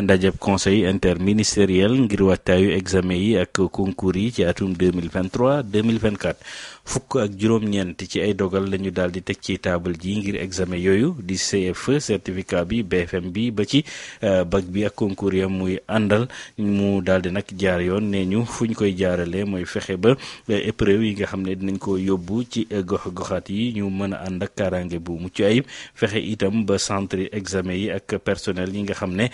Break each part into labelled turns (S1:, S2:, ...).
S1: ndajeb conseil interministériel ngir waajtaayu examen yi ak concours yi ci atum 2023 2024 fukk ak juróom-ñeent ci ay dogal lañu daal di teg ci taabal ji ngir examen yooyu di CFE certificat bi BFM bi ba ci euh, bac bi ak concours ya muy àndal mu daal di nag jaar yoon nee ñu fu ñu koy jaarale mooy fexe ba euh, épreuve yi nga xam ne dinañ ko yóbbu ci euh, gox goxaat yi ñu mën a ànd ak kaaraange bu mucc ayib fexe itam ba centre examen yi ak personnel yi nga xam ne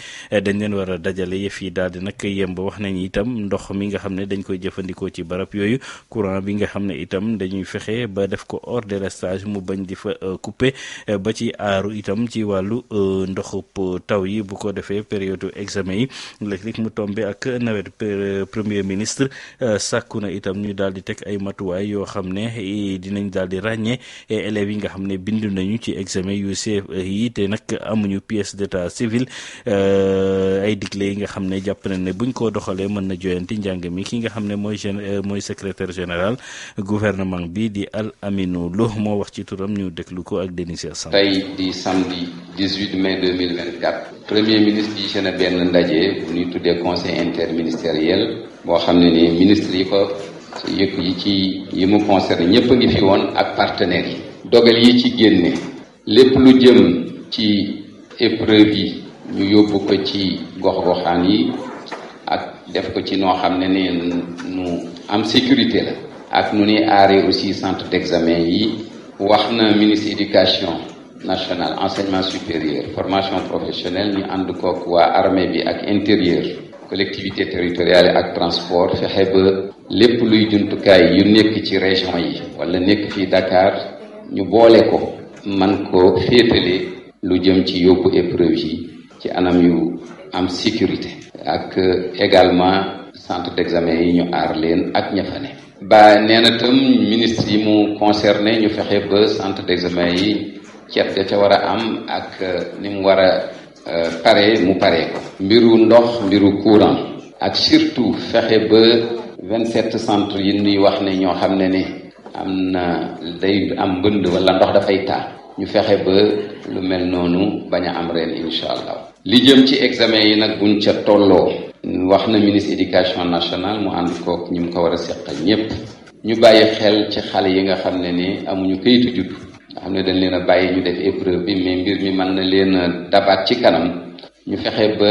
S1: dañ leen war a dajale yëf yi daal di nag yemb wax nañ itam ndox mi nga xam ne dañ koy jëfandikoo ci barab yooyu courant bi nga xam ne itam dañuy fexe ba def ko hors délestage mu bañ di fa euh, coupé euh, ba ci aaru itam ci wàllu euh, ndoxu taw yi bu ko defee période examen yi léeg-léeg mu tombe ak nawet premier ministre sàkku na itam ñu daal di teg ay matuwaay yoo xam ne eh, dinañ daal di ràññee eh, élèves yi nga xam ne bindu nañu ci examen yu CFEE te nag amuñu pièce d'état civil. ay digle yi nga xam ne jàpp na ne buñ ko doxalee mën na joyanti njàng mi ki nga xam ne mooy euh, mooy secrétaire général gouvernement bi di Al Aminou Lo moo wax ci turam ñu déglu ko ak Denis Sam.
S2: tey di samedi 18 mai 2024 premier ministre yi seen benn ndaje bu ñuy tuddee conseil interministériel boo xam ne ni ministre yi ko. yëpp yi ci yi mu concerne ñëpp a ngi fi woon ak partenaires yi dogal yi ci génne lépp lu jëm ci épreuve yi ñu yóbbu ko ci gox-goxaan yi ak def ko ci noo xam ne ni nu am sécurité la ak nu ni aaree aussi centre d'examen yi wax na ministre éducation nationale enseignement supérieur formation professionnelle ñu ànd kook waa armée bi ak intérieur collectivité territoriale ak transport fexe ba lépp luy jumtukaay yu nekk ci région yi wala nekk fii Dakar ñu boole ko man ko féetale lu jëm ci yóbbu épreuve yi ci anam yu am sécurité ak également centre d'examen yi ñu aar leen ak ña ba nee na tam ministre yi mu concerné ñu fexe ba centre d'examen yi ceet ga ca war a am ak ni mu war a euh, pare mu pare ko mbiru ndox mbiru courant ak surtout fexe ba vingt-sept centres yi ñuy wax ne ñoo xam ne ni am na day am mbënd wala ndox dafay taa ñu fexe ba lu mel noonu bañ a am ren incha allah li jëm ci examen yi nag buñ ca tolloo wax na ministre éducation nationale mu ànd kook ñi mu ko war a seqal ñépp ñu bàyyi xel ci xale yi nga xam ne ni amuñu kayitu juddu nga xam ne dañ leen a bàyyi ñu def épreuve bi mais mbir mi mën na leen a dabaat ci kanam ñu fexe ba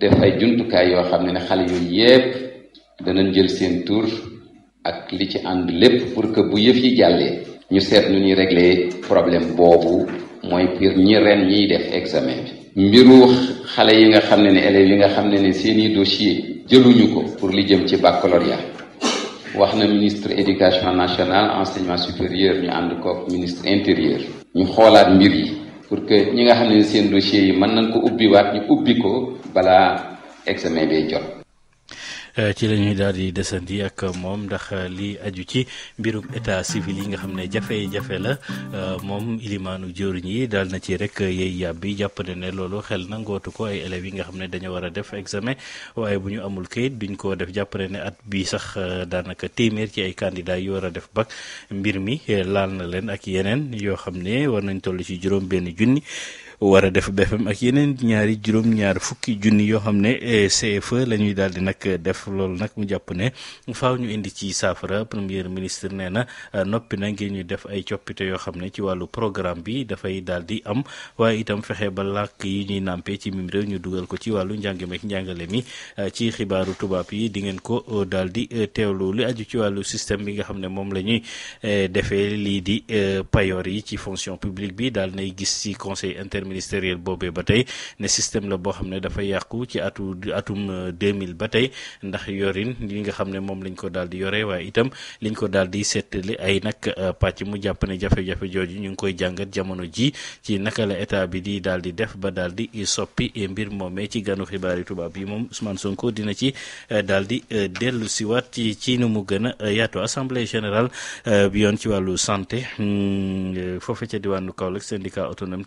S2: def ay jumtukaay yoo xam ne ne xale yooyu yépp danañ jël seen tur ak li ci ànd lépp pour que bu yëf yi jàllee ñu seet nu ñuy régler problème boobu mooy pour ñi ren ñiy def examen bi mbiru xale yi nga xam ne ne élèves yi nga xam ne ne seeni dossier jëluñu ko pour li jëm ci baccalauréat wax na ministre éducation nationale enseignement supérieur ñu ànd kook ministre intérieur ñu xoolaat mbir yi pour que ñi nga xam ne seen dossier yi mën nañ ko ubbi waat ñu ubbi ko balaa examen bee jot
S1: Euh, ci la ñuy daal di desandi ak moom ndax euh, li aju ci mbirum état civil yi nga xam ne jafe-jafe la euh, moom ilimaanu jëriñ yi daal na ci rek yey yàbbi jàpp ne ne loolu xel nangootu ko ay élèves yi nga xam ne dañoo war a def examen waaye bu ñu amul kayit duñ ko def jàpp ne ne at bi sax daanaka téeméer ci ay candidats yu war a def bac mbir mi laal na leen ak yeneen yoo xam ne war nañ tollu ci juróom benn junni war a def BFEM ak yeneen ñaari juróom-ñaar fukki junni yoo xam ne eh, CFE la ñuy daal di nag def loolu nag mu jàpp ne faw ñu indi ci saafara premier ministre nee na eh, noppi na ngeen ñu def ay coppite yoo xam ne ci wàllu programme bi dafay daal di am waaye itam fexe ba làkk yi ñuy nàmpee ci mim réew ñu dugal ko ci wàllu njàngameek njàngale mi eh, ci xibaaru tubaab yi di ngeen ko daal di teewlu li aju ci wàllu système bi nga xam ne moom la ñuy defee lii di payoor interministériel boobee ba tey ne système la boo xam ne dafa yàqu ci atu atum 2000 euh, ba tey ndax yorin li nga xam ne moom lañ ko daal di yore waaye itam liñ ko daal di seetali ay nag euh, pàcc mu jàpp ne jafe-jafe jooju ñu ngi koy jàngat jamono ji ci naka la état bi di daal di def ba daal di soppi mbir moomee ci ganu xibaari tubaab yi moom Ousmane ko dina ci euh, daal di dellu si ci ci nu mu gën a yaatu assemblée générale bi yoon ci wàllu santé hmm, foofe ca diwaanu Kaolack syndicat autonome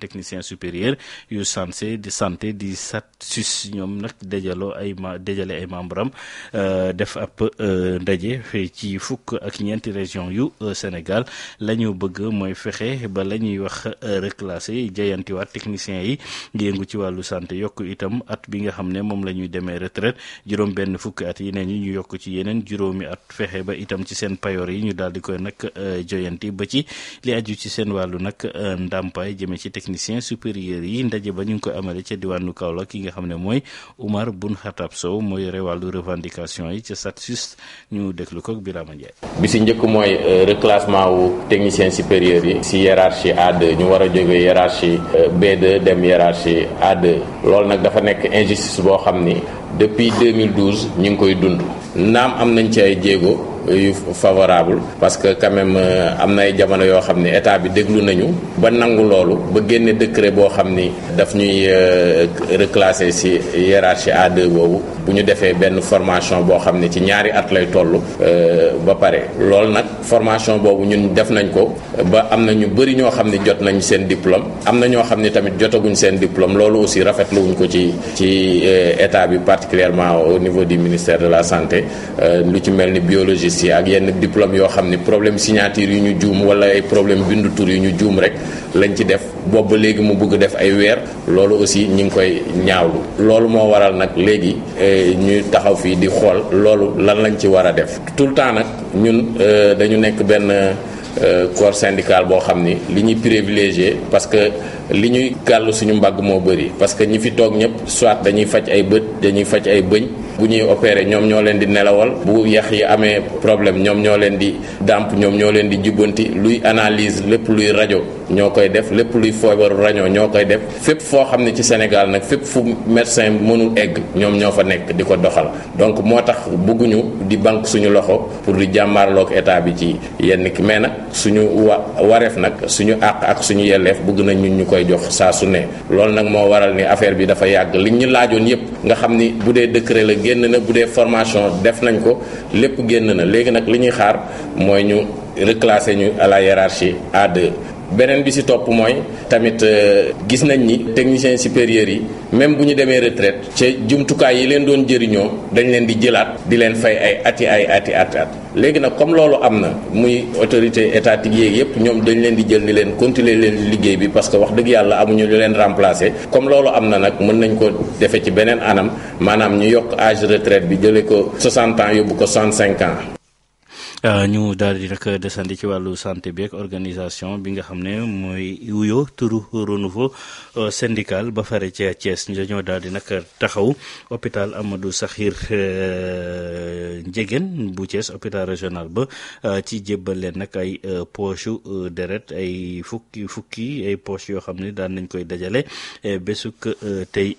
S1: supérieur yu santé di santé di SATSUS ñoom nag dajaloo ay ma dajale ay membre am euh, def ab euh, ndaje ci fukk ak ñeenti région yu euh, Sénégal la ñu bëgg mooy fexe ba la ñuy wax reclassé waat techniciens yi yëngu ci wàllu santé yokk itam at bi nga xam ne moom la ñuy demee retraite juróom benn fukki at yi ne ñu yokk ci yeneen juróomi at fexe ba itam ci seen payoor yi ñu daal di koy nag joyanti ba ci li aju ci seen wàllu nag ndàmpaay jëmee ci technicien intérieur yi ndaje ba ñu ngi koy amale ca diwaanu Kaolack ki nga xam ne mooy Oumar Boun Khatab Sow mooy yore wàllu revendication yi ca SATSUS ñu déglu ko ak Birama Ndiaye.
S3: bi njëkk mooy euh, reclassement wu technicien supérieur yi. si hiérarchie A2 ñu war a jógee hiérarchie euh, B2 dem hiérarchie A2 loolu nag dafa nekk injustice boo xam ni depuis 2012 ñu ngi koy dund naam am nañ ci ay jéego. yu favorable parce que quand même euh, am na ay jamono yoo xam ne état bi déglu nañu ba nangu loolu ba génne décret boo xam ni daf ñuy euh, reclasser ci hiérarchie A2 boobu bu ñu defee benn formation boo xam ne ci ñaari at lay toll euh, ba pare loolu nag formation boobu ñun def nañ ko ba am na ñu bëri ñoo xam ne jot nañ seen diplôme am na ñoo xam ne tamit jotaguñ seen diplôme loolu aussi rafet wuñ ko ci ci état bi particulièrement au niveau du ministère de la santé lu ci mel ni biologiste certifié ak yenn diplôme yoo xam ni problème signature yu ñu juum wala ay problème bindu tur yu ñu juum rek lañ ci def boobu ba léegi mu bëgg def ay weer loolu aussi ñi ngi koy ñaawlu loolu moo waral nag léegi eh, ñu taxaw fii di xool loolu lan lañ ci war a def tout le temps nag ñun eh, dañu nekk benn eh, corps syndical boo xam ni li ñuy privilégié parce li ñuy gàll suñu mbàgg moo bëri parce que ñi fi toog ñëpp soit dañuy faj ay bët dañuy faj ay bëñ bu ñuy opéré ñoom ñoo leen di nelawal bu yax yi amee problème ñoom ñoo leen di dàmp ñoom ñoo leen di jubbanti luy analyse lépp luy rajo ñoo koy def lépp luy feebaru rajo ñoo koy def fépp foo xam ne ci Sénégal nag fépp fu médecin mënul egg ñoom ñoo fa nekk di ko doxal donc moo tax bëgguñu di banque suñu loxo pour di jàmmaarloog état bi ci yenn ki mais nag suñu wa wareef nag suñu àq ak suñu yelleef bëgg nañ koy jox saa su ne loolu nag moo waral ni affaire bi dafa yàgg li ñu laajoon yépp nga xam ni bu dee décret la génn na bu dee formation def nañ ko lépp génn na léegi nag li ñuy xaar mooy ñu reclasser ñu à la hiérarchie a beneen bi si topp mooy tamit euh, gis nañ ni techniciens supérieurs yi même bu ñu demee retraite ca jumtukaay yi leen doon jëriñoo dañ leen di jëlaat di leen fay ay ati ay ati at at léegi nag comme loolu am na muy autorité étatique yeeg yépp ñoom dañu leen di jël di leen continuer leen liggéey bi parce que wax dëgg yàlla amu lu leen remplacer comme loolu am na nag mën nañ ko defe ci beneen anam maanaam ñu yokk âge retraite bi jëlee ko 60 ans yóbbu ko 65 ans
S1: Euh, ñu daal di rek desandi ci wàllu santé bi ak organisation bi nga xam ne mooy wuyo turu renouveau euh, syndical ba fare ci Thiès dañoo daal di nag taxaw hôpital Amadou Sakhir euh, Ndiéguène bu Thiès hôpital régional ba ci jébbal leen nag ay poche deret ay fukki fukki ay poche yoo xam ne daan nañ koy dajale bésuk tey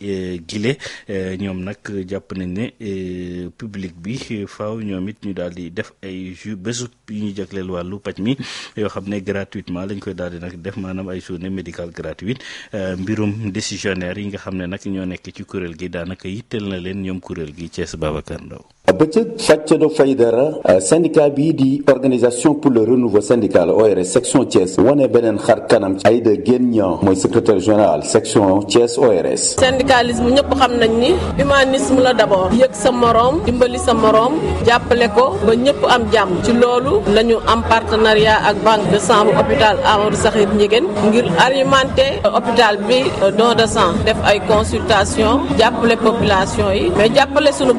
S1: gile ñoom nag jàpp nañ ne public bi faaw ñoom it ñu daal di def ay yu bésu yu ñu jagleel wàllu paj mi yoo xam ne gratuitement lañ koy daal di nag def maanaam ay journée médicale gratuite euh, mbirum décisionnaire yi nga xam ne nag ñoo nekk ci kuréel gi daanaka yitteel na leen ñoom kuréel gi Thiès Babacar Ndao bëccëg fàccado fay dara
S4: syndicat bii di organisation pour le renouveau syndical ORS section Thiès wane beneen xar kanam ay Guène Niang mooy secrétaire général section Thiès ORS
S5: syndicalisme ñëpp xam nañ ni humanisme la d'abord yëg sa moroom dimbali sa moroom jàppale ko ba ñëpp am jàmm ci loolu la ñu am partenariat ak banque de sang bu hôpital Amadou Sakhir Ndiéguène ngir alimenter euh, hôpital bi euh, don de sang def ay consultation jàppale population yi mais jàppale sunu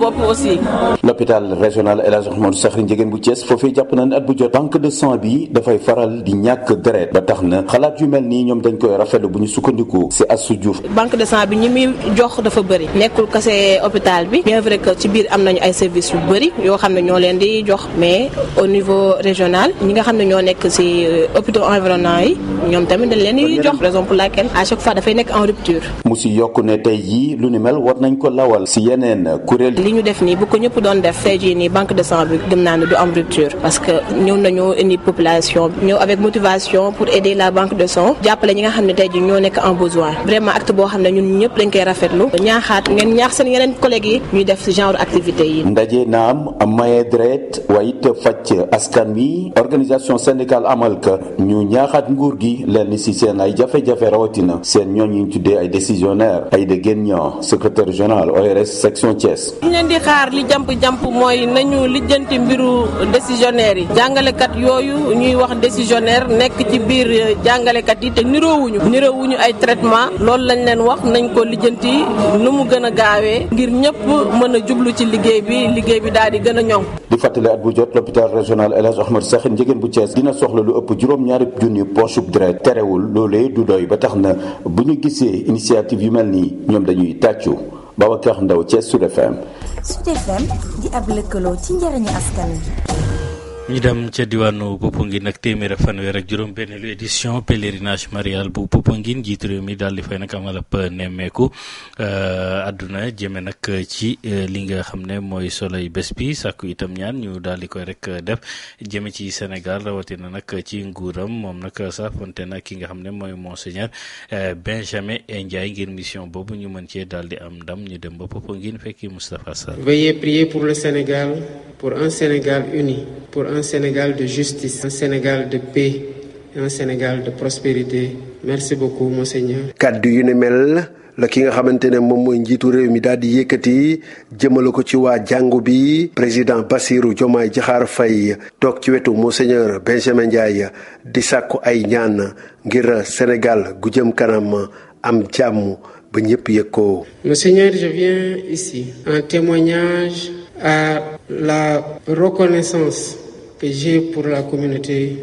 S4: l'hôpital régional El Hadj Ahmadou Sakhir Ndiéguène bu Thiès foofee jàpp na ne at bu jot banque de sang bi dafay faral di ñàkk deret ba tax na xalaat yu mel nii ñoom dañ koy rafetlu bu ñu sukkandiku si Assou Diouf
S1: banque de sang bi ñi muy jox dafa bëri nekkul kese
S5: hôpital bi bien vrai que ci biir am nañu ay services yu bëri yoo xam ne ñoo leen di jox mais au niveau
S1: régional ñi nga xam ne ñoo nekk si euh, hôpitaux environnants yi ñoom tamit dañ leen di jox raison pour laquelle à chaque fois dafay nekk en rupture
S4: mu si yokk ne tey jii lu ni mel war nañ ko lawal si
S1: yeneen kuréel li ñu def nii bu ñëpp ko doon def tey jii nii banque de sang bi gëm naa ne du am rupture parce que ñëw nañu indi population bi ñëw avec motivation pour aider la banque de sang jàppale ñi nga xam ne tey jii ñoo nekk en besoin vraiment acte boo xam ne ñun ñëpp dañ koy rafetlu ñaaxaat ngeen ñaax seen yeneen collègues yi ñuy def ce genre activité yi.
S4: ndaje naam maye deret wayit fàcc askan wi organisation syndicale amal ka ñu ñaaxaat nguur gi lenn si seen ay jafe-jafe rawatina seen ñooñ ñu tuddee ay décisionnaire ay de Guène secrétaire général ORS section Thiès.
S5: ñu leen jàmp mooy nañu lijjanti mbiru décisionnaire yi jàngalekat yooyu ñuy wax décisionnaire nekk ci biir jàngalekat yi te niroowuñu niroowuñu ay traitement loolu lañ leen wax nañ ko lijjanti nu mu gën a gaawee ngir ñëpp mën a jublu ci liggéey bi liggéey bi daal di gën a ñoŋ
S4: di fàttali at bu jot l'hôpital régional El Hadj Ahmed Sakhir bu Thiès dina soxla lu ëpp juróom-ñaari junni poche deret terewul loolee du doy ba tax na bu ñu gisee initiative yu mel nii ñoom dañuy tàccu Babacar Ndaw Thiès
S1: Sud FM su FM di ab lëkkaloo ci njëriñu askan wi. ñu dem ca diwaanu Popenguine nag téeméer ak ak juróom benneelu édition pèlerinage marial bu Popenguine jiitu réew mi daal fay nag amal nemmeeku euh, àdduna jëme nag ci euh, li nga xam ne mooy soloy bés bi sàkku itam ñaan ñu daal di koy rek euh, def jëme ci Sénégal rawatina nag ci nguuram moom nag saafonte nag ki nga xam ne mooy monseigneur Benjamin Ndiaye ngir mission boobu ñu mën cee daal di am ndam ñu dem ba Popenguine fekki Moustapha Sall.
S5: Veuillez un Sénégal de justice, un Sénégal de paix, un Sénégal de prospérité. Merci beaucoup, Monseigneur.
S6: yu ne mel la ki nga xamante ne moom mooy njiitu réew mi daal di yëkkati jëmale ko ci waa jàngu bi président Bassirou Diomaye Diakhar fay toog ci wetu Monseigneur Benjamin Ndiaye di sàkku ay ñaan ngir Sénégal gu jëm kanam am jàmm ba ñëpp yëg
S5: Monseigneur, je viens ici en témoignage à la reconnaissance que j'ai pour la communauté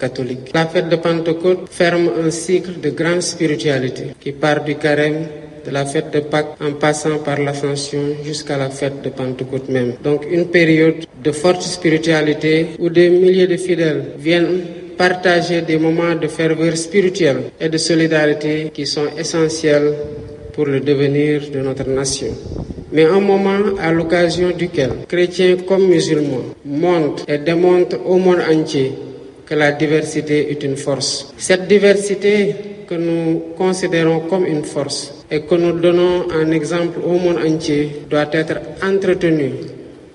S5: catholique. La fête de Pentecôte ferme un cycle de grande spiritualité qui part du carême de la fête de Pâques en passant par l'ascension jusqu'à la fête de Pentecôte même. Donc une période de forte spiritualité où des milliers de fidèles viennent partager des moments de ferveur spirituelle et de solidarité qui sont essentiels pour le devenir de notre nation. mais un moment à l'occasion duquel chrétiens comme musulmans montrent et démontrent au monde entier que la diversité est une force. Cette diversité que nous considérons comme une force et que nous donnons en exemple au monde entier doit être entretenue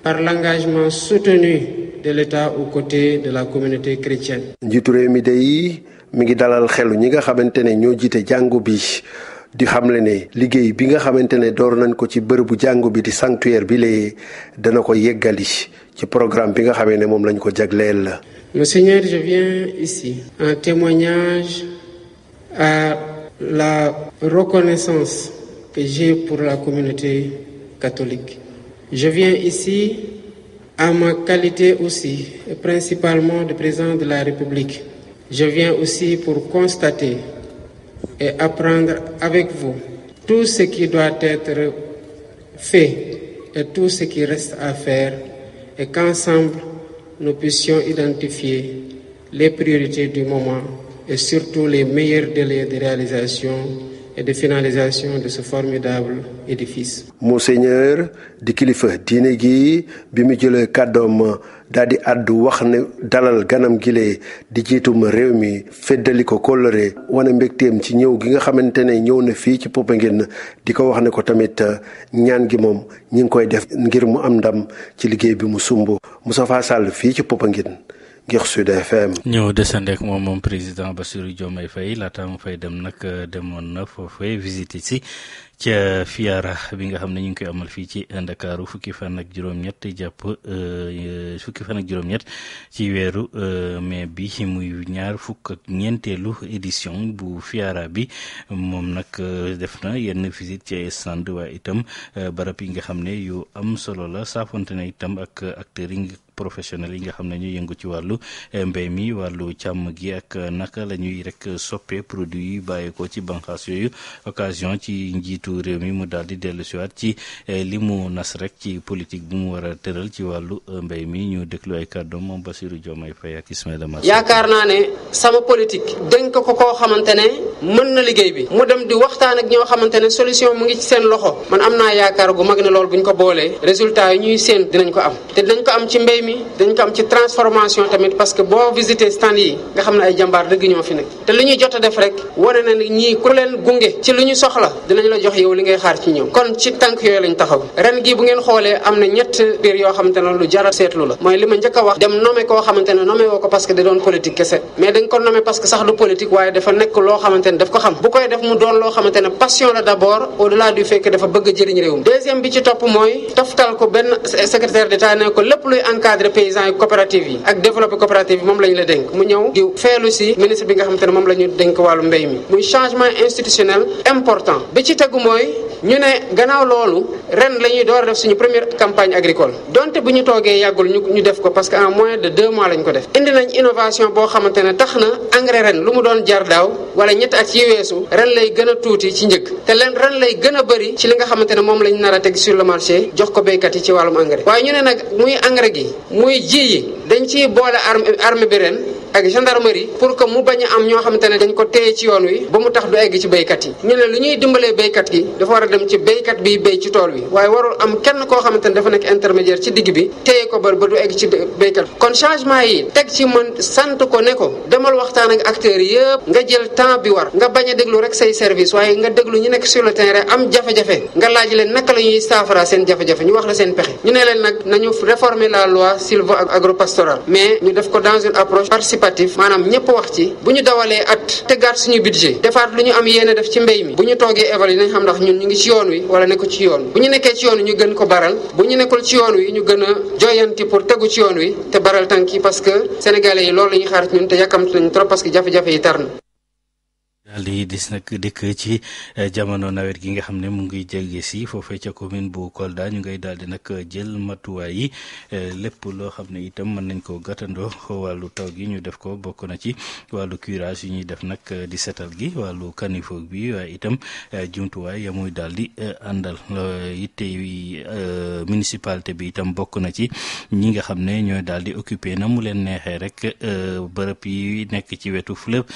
S5: par l'engagement soutenu de l'État aux côtés de la communauté chrétienne.
S6: njiitu réew mi de yi mi ngi dalal xelu ñi nga xamante ne ñoo jiite jàngu bi. di xamle ne liggéey bi nga xamante ne door nañ ko ci bërëbu jàngu bi di sanctuaire bi lee dana ko yeggali ci programme bi nga xamee ne moom lañ ko jagleel la.
S5: Monseigneur, je viens ici en témoignage à la reconnaissance que j'ai pour la communauté catholique. Je viens ici en ma qualité aussi, principalement de président de la République. Je viens aussi pour constater et apprendre avec vous tout ce qui doit être fait et tout ce qui reste à faire et qu'ensemble nous puissions identifier les priorités du moment et surtout les meilleurs délais de réalisation et de finalisation de ce formidable édifice.
S6: Monseigneur di kilifa diine gi bi mu jëlee kàddoom daal di àddu wax ne dalal ganam gile di jiituma réew mi feddali ko kóllëre wane mbégteem ci ñëw gi nga xamante ne ñëw na fii ci Popenguine di ko wax ne ko tamit ñaan gi moom ñi ngi koy def ngir mu am ndam ci liggéey bi mu sumb Moustapha Sall fii ci Popenguine
S1: ngir Sud FM. ñëw desandi ak moom moom président Bassirou Diomaye fay laata mu fay dem nag demoon na foofee visiter si ca Fiara bi nga xam ne ñu ngi koy amal fii ci Ndakaaru fukki fan ak juróom-ñett jàpp euh, fukki fan ak juróom-ñett ci weeru euh, mais bi muy ñaar fukk ak ñeenteelu édition bu Fiara bi moom nag euh, def na yenn visite ci ay stand waaye itam barab yi nga xam ne yu am solo la saafonte na itam ak acteurs professionnels yi nga xam na ñu yëngu ci wàllu eh, mbéy mii wàllu càmm gi ak naka la ñuy rek soppee produit yi bàyyeekoo ci bànqaas yooyu occasion ci njiitu réew mi mu daal di dellu siwaat ci eh, li mu nas rek ci politique bi mu war a tëral ci wàllu eh, mbéy mi ñu déglu ay kàddoom moom Bassirou Diomaye Faye ak Ismaïla Massa yaakaar
S5: naa ne sama politique dénk ko koo xamante ne mën na liggéey bi mu dem di waxtaan ak ñoo xamante ne solution mu ngi ci seen loxo man am naa yaakaar gu mag ne loolu buñ ko boolee résultat yi ñuy séen dinañ ko am mi dañ ko am ci transformation tamit parce boo visité stand yi nga xam ne ay jàmbaar dëgg ñoo fi nekk te li ñu jot a def rek wane na ni ñii ku leen gunge ci li ñu soxla dinañ la jox yow li ngay xaar ci ñoom kon ci tànk yooyu lañ taxaw ren gi bu ngeen xoolee am na ñett biir yoo xamante lu jara seetlu la mooy li ma njëkk a wax dem nommé koo xamante ne woo ko parce da doon politique kese mais dañ ko nommé parce sax du politique waaye dafa nekk loo encadrer paysans yi coopérative yi ak développer coopérative yi moom lañ la dénk mu ñëw di feelu si ministre bi nga xamante ne moom la dénk wàllu mbéy mi muy changement institutionnel important bi ci tegu mooy ñu ne gannaaw loolu ren la ñuy door def suñu première campagne agricole donte bu ñu toogee yàggul ñu ñu def ko parce que en mois de deux mois lañ ko def indi nañ innovation boo xamante ne tax na engrais ren lu mu doon jar daaw wala ñetti at yi weesu ren lay gën a tuuti ci njëg te leen ren lay gën a bëri ci li nga xamante ne moom lañ nar a teg sur le marché jox ko béykat yi ci wàllum engrais muy ji yi dañ ciy boole arme arme ren ak gendarmerie pour que mu bañ a am ñoo xamante ne dañ ko téye ci yoon wi ba mu tax du egg ci béykat yi ñu ne lu ñuy dimbalee béykat gi dafa war a dem ci béykat biy béy ci tool bi waaye warul am kenn koo xamante ne dafa nekk intermédiaire ci digg bi téye ko ba ba du egg ci béykat kon changement yi teg ci man sant ko ne ko demal waxtaan ak acteur yëpp nga jël temps bi war nga bañ a déglu rek say service waaye nga déglu ñu nekk sur le terrain am jafe nga laaj leen naka la ñuy saafara seen jafe ñu wax la seen pexe ñu ne leen nag nañu réformer la loi sylvo agropastorale mais ñu def ko participatif maanaam ñëpp wax ci bu ñu dawalee at tegaat suñu budget defaat lu ñu am yéene def ci mbéy mi bu ñu toogee évaluer nañ xam ndax ñun ñu ngi ci yoon wi wala nekku ci yoon bu ñu nekkee ci yoon wi ñu gën ko baral bu ñu nekkul ci yoon wi ñu gën a pour tegu ci yoon wi te baral tànk yi parce que sénégalais yi loolu la ñuy ñun te yàkkamti nañ trop parce que jafe-jafe yi tar
S1: daal di dis nag dikk ci eh, jamono nawet gi nga xam ne mu ngi jege si foofee ca commune bu Kolda ñu ngay daal di nag jël matuwaay yi eh, lépp loo xam ne itam mën nañ koo gàttandoo wàllu taw gi ñu def ko bokk na ci wàllu curage yi ñuy def nag eh, di setal gi wàllu caniveau bi waaye itam jumtuwaay ya muy daal di àndal yitte yi bi itam bokk na ci ñi nga xam ne ñoo daal di occupé na mu leen neexee rek bërëb yi nekk ci wetu fleuve